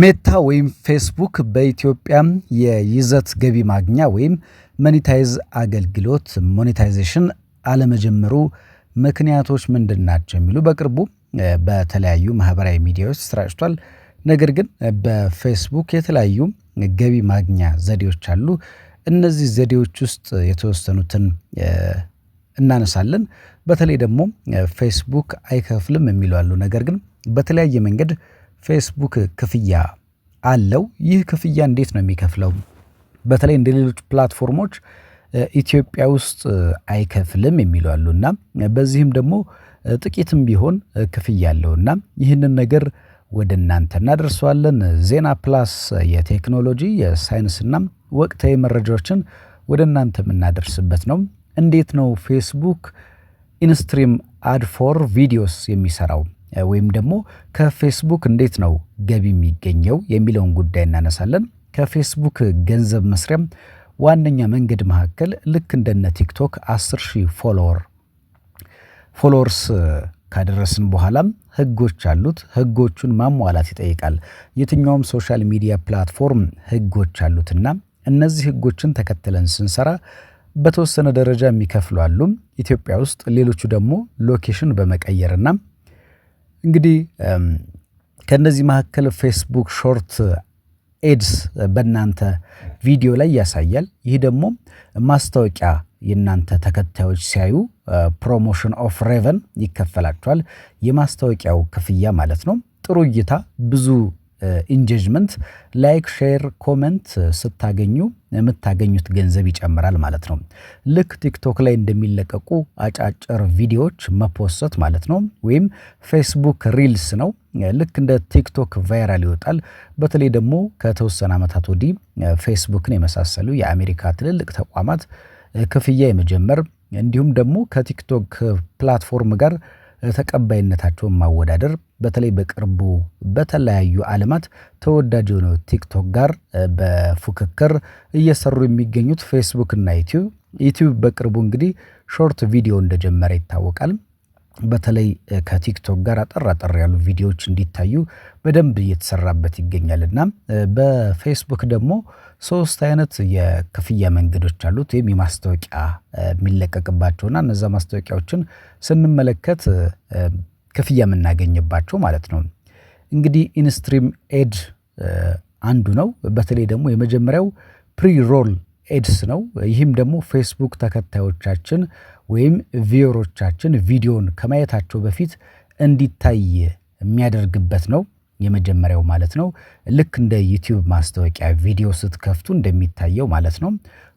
ሜታ ወይም ፌስቡክ በኢትዮጵያ የይዘት ገቢ ማግኛ ወይም መኒታይዝ አገልግሎት ሞኔታይዜሽን አለመጀመሩ ምክንያቶች ምንድን ናቸው የሚሉ በቅርቡ በተለያዩ ማህበራዊ ሚዲያዎች ተሰራጭቷል። ነገር ግን በፌስቡክ የተለያዩ ገቢ ማግኛ ዘዴዎች አሉ። እነዚህ ዘዴዎች ውስጥ የተወሰኑትን እናነሳለን። በተለይ ደግሞ ፌስቡክ አይከፍልም የሚሉ አሉ። ነገር ግን በተለያየ መንገድ ፌስቡክ ክፍያ አለው። ይህ ክፍያ እንዴት ነው የሚከፍለው? በተለይ እንደ ሌሎች ፕላትፎርሞች ኢትዮጵያ ውስጥ አይከፍልም የሚሉ አሉ እና በዚህም ደግሞ ጥቂትም ቢሆን ክፍያ አለው እና ይህንን ነገር ወደ እናንተ እናደርሰዋለን። ዜና ፕላስ የቴክኖሎጂ የሳይንስና ወቅታዊ መረጃዎችን ወደ እናንተ የምናደርስበት ነው። እንዴት ነው ፌስቡክ ኢንስትሪም አድ ፎር ቪዲዮስ የሚሰራው? ወይም ደግሞ ከፌስቡክ እንዴት ነው ገቢ የሚገኘው የሚለውን ጉዳይ እናነሳለን። ከፌስቡክ ገንዘብ መስሪያም ዋነኛ መንገድ መካከል ልክ እንደነ ቲክቶክ 10 ሺህ ፎሎወር ፎሎወርስ ካደረስን በኋላም ህጎች አሉት። ህጎቹን ማሟላት ይጠይቃል። የትኛውም ሶሻል ሚዲያ ፕላትፎርም ህጎች አሉትና እነዚህ ህጎችን ተከትለን ስንሰራ በተወሰነ ደረጃ የሚከፍሉ አሉ ኢትዮጵያ ውስጥ፣ ሌሎቹ ደግሞ ሎኬሽን በመቀየርና እንግዲህ ከእነዚህ መካከል ፌስቡክ ሾርት ኤድስ በእናንተ ቪዲዮ ላይ ያሳያል። ይህ ደግሞ ማስታወቂያ የእናንተ ተከታዮች ሲያዩ ፕሮሞሽን ኦፍ ሬቨን ይከፈላቸዋል። የማስታወቂያው ክፍያ ማለት ነው። ጥሩ እይታ ብዙ ኢንጌጅመንት ላይክ፣ ሼር፣ ኮመንት ስታገኙ የምታገኙት ገንዘብ ይጨምራል ማለት ነው። ልክ ቲክቶክ ላይ እንደሚለቀቁ አጫጭር ቪዲዮዎች መፖሰት ማለት ነው። ወይም ፌስቡክ ሪልስ ነው። ልክ እንደ ቲክቶክ ቫይራል ይወጣል። በተለይ ደግሞ ከተወሰነ ዓመታት ወዲህ ፌስቡክን የመሳሰሉ የአሜሪካ ትልልቅ ተቋማት ክፍያ የመጀመር እንዲሁም ደግሞ ከቲክቶክ ፕላትፎርም ጋር ተቀባይነታቸውን ማወዳደር በተለይ በቅርቡ በተለያዩ ዓለማት ተወዳጅ የሆነው ቲክቶክ ጋር በፉክክር እየሰሩ የሚገኙት ፌስቡክ እና ዩቲዩብ ዩቲዩብ በቅርቡ እንግዲህ ሾርት ቪዲዮ እንደጀመረ ይታወቃል። በተለይ ከቲክቶክ ጋር አጠር አጠር ያሉ ቪዲዮዎች እንዲታዩ በደንብ እየተሰራበት ይገኛል እና በፌስቡክ ደግሞ ሶስት አይነት የክፍያ መንገዶች አሉት ወይም የማስታወቂያ የሚለቀቅባቸውና እነዛ ማስታወቂያዎችን ስንመለከት ክፍያ የምናገኝባቸው ማለት ነው። እንግዲህ ኢንስትሪም ኤድ አንዱ ነው። በተለይ ደግሞ የመጀመሪያው ፕሪሮል ኤድስ ነው። ይህም ደግሞ ፌስቡክ ተከታዮቻችን ወይም ቪዮሮቻችን ቪዲዮን ከማየታቸው በፊት እንዲታይ የሚያደርግበት ነው የመጀመሪያው ማለት ነው። ልክ እንደ ዩቲዩብ ማስታወቂያ ቪዲዮ ስትከፍቱ እንደሚታየው ማለት ነው።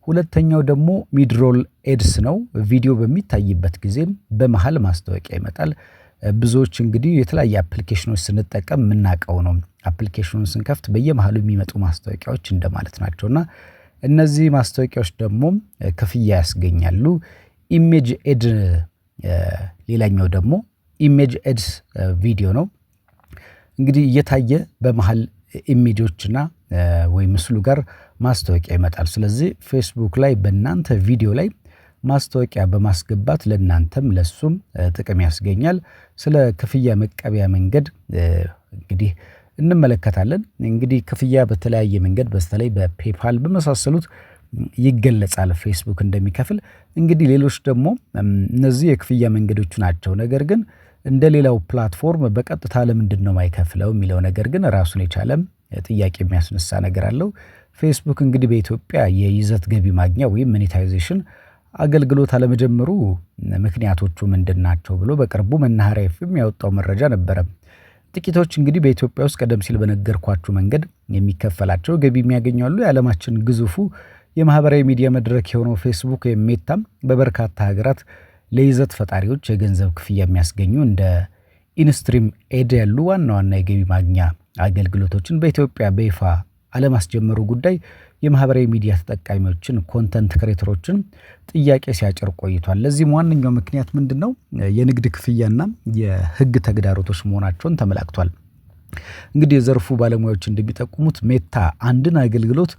ሁለተኛው ደግሞ ሚድሮል ኤድስ ነው። ቪዲዮ በሚታይበት ጊዜ በመሃል ማስታወቂያ ይመጣል። ብዙዎች እንግዲህ የተለያየ አፕሊኬሽኖች ስንጠቀም የምናውቀው ነው። አፕሊኬሽኑን ስንከፍት በየመሃሉ የሚመጡ ማስታወቂያዎች እንደማለት ናቸውና እነዚህ ማስታወቂያዎች ደግሞ ክፍያ ያስገኛሉ። ኢሜጅ ኤድ ሌላኛው ደግሞ ኢሜጅ ኤድስ ቪዲዮ ነው። እንግዲህ እየታየ በመሀል ኢሜጆችና ወይ ምስሉ ጋር ማስታወቂያ ይመጣል። ስለዚህ ፌስቡክ ላይ በእናንተ ቪዲዮ ላይ ማስታወቂያ በማስገባት ለእናንተም ለሱም ጥቅም ያስገኛል። ስለ ክፍያ መቀበያ መንገድ እንግዲህ እንመለከታለን። እንግዲህ ክፍያ በተለያየ መንገድ በተለይ በፔፓል በመሳሰሉት ይገለጻል ፌስቡክ እንደሚከፍል። እንግዲህ ሌሎች ደግሞ እነዚህ የክፍያ መንገዶቹ ናቸው። ነገር ግን እንደ ሌላው ፕላትፎርም በቀጥታ ለምንድን ነው ማይከፍለው የሚለው ነገር ግን ራሱን የቻለም ጥያቄ የሚያስነሳ ነገር አለው። ፌስቡክ እንግዲህ በኢትዮጵያ የይዘት ገቢ ማግኛ ወይም ሞኔታይዜሽን አገልግሎት አለመጀመሩ ምክንያቶቹ ምንድን ናቸው ብሎ በቅርቡ መናኸሪያ ኤፍ ኤም ያወጣው መረጃ ነበረ። ጥቂቶች እንግዲህ በኢትዮጵያ ውስጥ ቀደም ሲል በነገርኳችሁ መንገድ የሚከፈላቸው ገቢ የሚያገኙ አሉ። የዓለማችን ግዙፉ የማህበራዊ ሚዲያ መድረክ የሆነው ፌስቡክ ወይም ሜታም በበርካታ ሀገራት ለይዘት ፈጣሪዎች የገንዘብ ክፍያ የሚያስገኙ እንደ ኢንስትሪም ኤድ ያሉ ዋና ዋና የገቢ ማግኛ አገልግሎቶችን በኢትዮጵያ በይፋ አለማስጀመሩ ጉዳይ የማህበራዊ ሚዲያ ተጠቃሚዎችን ኮንተንት ክሬተሮችን ጥያቄ ሲያጭር ቆይቷል። ለዚህም ዋነኛው ምክንያት ምንድን ነው? የንግድ ክፍያና የህግ ተግዳሮቶች መሆናቸውን ተመላክቷል። እንግዲህ የዘርፉ ባለሙያዎች እንደሚጠቁሙት ሜታ አንድን አገልግሎት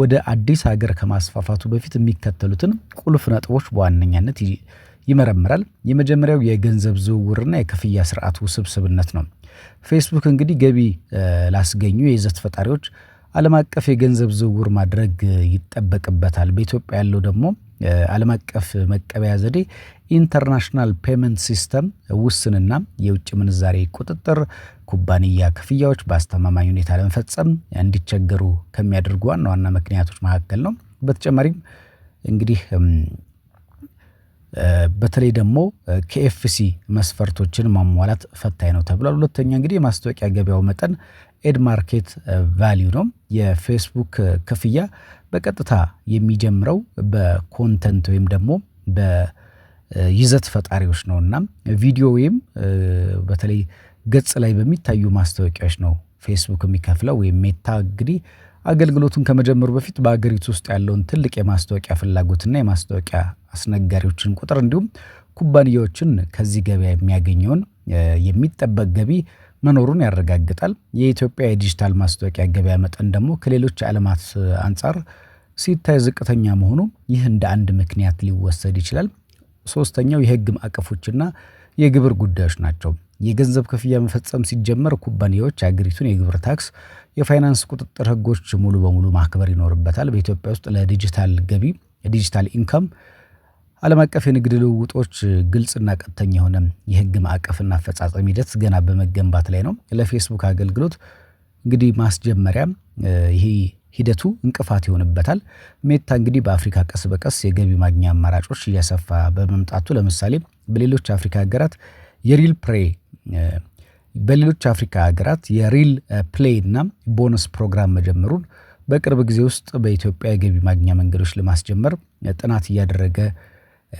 ወደ አዲስ ሀገር ከማስፋፋቱ በፊት የሚከተሉትን ቁልፍ ነጥቦች በዋነኛነት ይመረምራል። የመጀመሪያው የገንዘብ ዝውውርና የክፍያ ስርዓት ውስብስብነት ነው። ፌስቡክ እንግዲህ ገቢ ላስገኙ የይዘት ፈጣሪዎች ዓለም አቀፍ የገንዘብ ዝውውር ማድረግ ይጠበቅበታል። በኢትዮጵያ ያለው ደግሞ ዓለም አቀፍ መቀበያ ዘዴ ኢንተርናሽናል ፔመንት ሲስተም ውስንና የውጭ ምንዛሬ ቁጥጥር ኩባንያ ክፍያዎች በአስተማማኝ ሁኔታ ለመፈጸም እንዲቸገሩ ከሚያደርጉ ዋና ዋና ምክንያቶች መካከል ነው። በተጨማሪም እንግዲህ በተለይ ደግሞ ከኤፍሲ መስፈርቶችን ማሟላት ፈታኝ ነው ተብሏል። ሁለተኛ እንግዲህ የማስታወቂያ ገበያው መጠን ኤድ ማርኬት ቫሊዩ ነው። የፌስቡክ ክፍያ በቀጥታ የሚጀምረው በኮንተንት ወይም ደግሞ በይዘት ፈጣሪዎች ነው እና ቪዲዮ ወይም በተለይ ገጽ ላይ በሚታዩ ማስታወቂያዎች ነው ፌስቡክ የሚከፍለው ወይም ሜታ እንግዲህ አገልግሎቱን ከመጀመሩ በፊት በአገሪቱ ውስጥ ያለውን ትልቅ የማስታወቂያ ፍላጎትና የማስታወቂያ አስነጋሪዎችን ቁጥር እንዲሁም ኩባንያዎችን ከዚህ ገበያ የሚያገኘውን የሚጠበቅ ገቢ መኖሩን ያረጋግጣል። የኢትዮጵያ የዲጂታል ማስታወቂያ ገበያ መጠን ደግሞ ከሌሎች ዓለማት አንጻር ሲታይ ዝቅተኛ መሆኑ ይህ እንደ አንድ ምክንያት ሊወሰድ ይችላል። ሶስተኛው የህግ ማዕቀፎችና የግብር ጉዳዮች ናቸው። የገንዘብ ክፍያ መፈጸም ሲጀመር ኩባንያዎች የአገሪቱን የግብር ታክስ፣ የፋይናንስ ቁጥጥር ህጎች ሙሉ በሙሉ ማክበር ይኖርበታል። በኢትዮጵያ ውስጥ ለዲጂታል ገቢ ዲጂታል ኢንካም ዓለም አቀፍ የንግድ ልውውጦች ግልጽና ቀጥተኛ የሆነ የህግ ማዕቀፍና አፈጻጸም ሂደት ገና በመገንባት ላይ ነው። ለፌስቡክ አገልግሎት እንግዲህ ማስጀመሪያ ይሄ ሂደቱ እንቅፋት ይሆንበታል። ሜታ እንግዲህ በአፍሪካ ቀስ በቀስ የገቢ ማግኛ አማራጮች እያሰፋ በመምጣቱ ለምሳሌ በሌሎች አፍሪካ ሀገራት የሪል ፕሬ በሌሎች አፍሪካ ሀገራት የሪል ፕሌይ እና ቦነስ ፕሮግራም መጀመሩን በቅርብ ጊዜ ውስጥ በኢትዮጵያ የገቢ ማግኛ መንገዶች ለማስጀመር ጥናት እያደረገ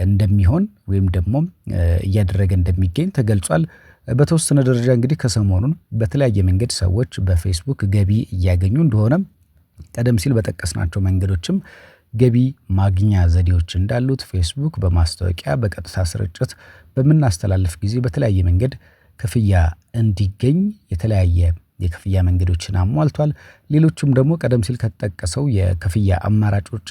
እንደሚሆን ወይም ደግሞ እያደረገ እንደሚገኝ ተገልጿል። በተወሰነ ደረጃ እንግዲህ ከሰሞኑን በተለያየ መንገድ ሰዎች በፌስቡክ ገቢ እያገኙ እንደሆነ ቀደም ሲል በጠቀስናቸው መንገዶችም ገቢ ማግኛ ዘዴዎች እንዳሉት ፌስቡክ በማስታወቂያ፣ በቀጥታ ስርጭት በምናስተላልፍ ጊዜ በተለያየ መንገድ ክፍያ እንዲገኝ የተለያየ የክፍያ መንገዶችን አሟልቷል። ሌሎቹም ደግሞ ቀደም ሲል ከተጠቀሰው የክፍያ አማራጭ ውጪ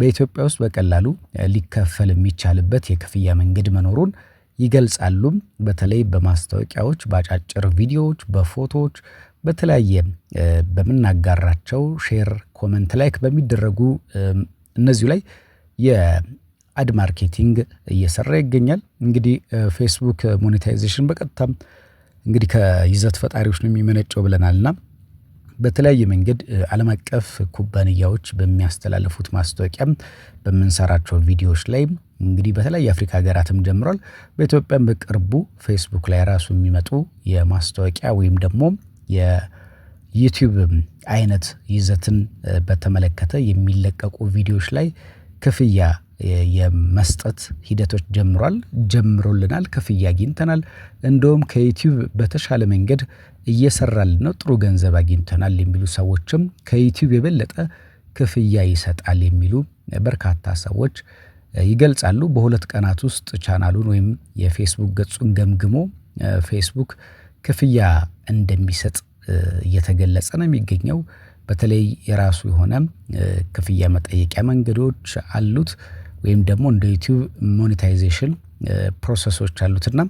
በኢትዮጵያ ውስጥ በቀላሉ ሊከፈል የሚቻልበት የክፍያ መንገድ መኖሩን ይገልጻሉም። በተለይ በማስታወቂያዎች፣ በአጫጭር ቪዲዮዎች፣ በፎቶዎች፣ በተለያየ በምናጋራቸው ሼር፣ ኮመንት፣ ላይክ በሚደረጉ እነዚሁ ላይ አድ ማርኬቲንግ እየሰራ ይገኛል። እንግዲህ ፌስቡክ ሞኔታይዜሽን በቀጥታም እንግዲህ ከይዘት ፈጣሪዎች ነው የሚመነጨው ብለናልና በተለያየ መንገድ ዓለም አቀፍ ኩባንያዎች በሚያስተላልፉት ማስታወቂያ በምንሰራቸው ቪዲዮዎች ላይ እንግዲህ በተለያየ አፍሪካ ሀገራትም ጀምሯል። በኢትዮጵያም በቅርቡ ፌስቡክ ላይ ራሱ የሚመጡ የማስታወቂያ ወይም ደግሞ የዩቲዩብ አይነት ይዘትን በተመለከተ የሚለቀቁ ቪዲዮዎች ላይ ክፍያ የመስጠት ሂደቶች ጀምሯል ጀምሮልናል ክፍያ አግኝተናል እንደውም ከዩቲዩብ በተሻለ መንገድ እየሰራልን ነው ጥሩ ገንዘብ አግኝተናል የሚሉ ሰዎችም ከዩቲዩብ የበለጠ ክፍያ ይሰጣል የሚሉ በርካታ ሰዎች ይገልጻሉ። በሁለት ቀናት ውስጥ ቻናሉን ወይም የፌስቡክ ገጹን ገምግሞ ፌስቡክ ክፍያ እንደሚሰጥ እየተገለጸ ነው የሚገኘው። በተለይ የራሱ የሆነ ክፍያ መጠየቂያ መንገዶች አሉት። ወይም ደግሞ እንደ ዩቲዩብ ሞኔታይዜሽን ፕሮሰሶች አሉትና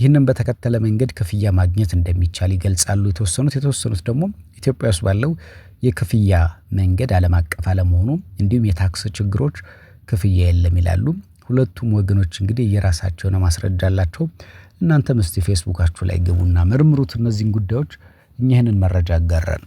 ይህንን በተከተለ መንገድ ክፍያ ማግኘት እንደሚቻል ይገልጻሉ የተወሰኑት። የተወሰኑት ደግሞ ኢትዮጵያ ውስጥ ባለው የክፍያ መንገድ ዓለም አቀፍ አለመሆኑ እንዲሁም የታክስ ችግሮች ክፍያ የለም ይላሉ። ሁለቱም ወገኖች እንግዲህ የራሳቸውን ማስረጃ አላቸው። እናንተም እስቲ ፌስቡካችሁ ላይ ግቡና መርምሩት እነዚህን ጉዳዮች። እኚህንን መረጃ አጋራን።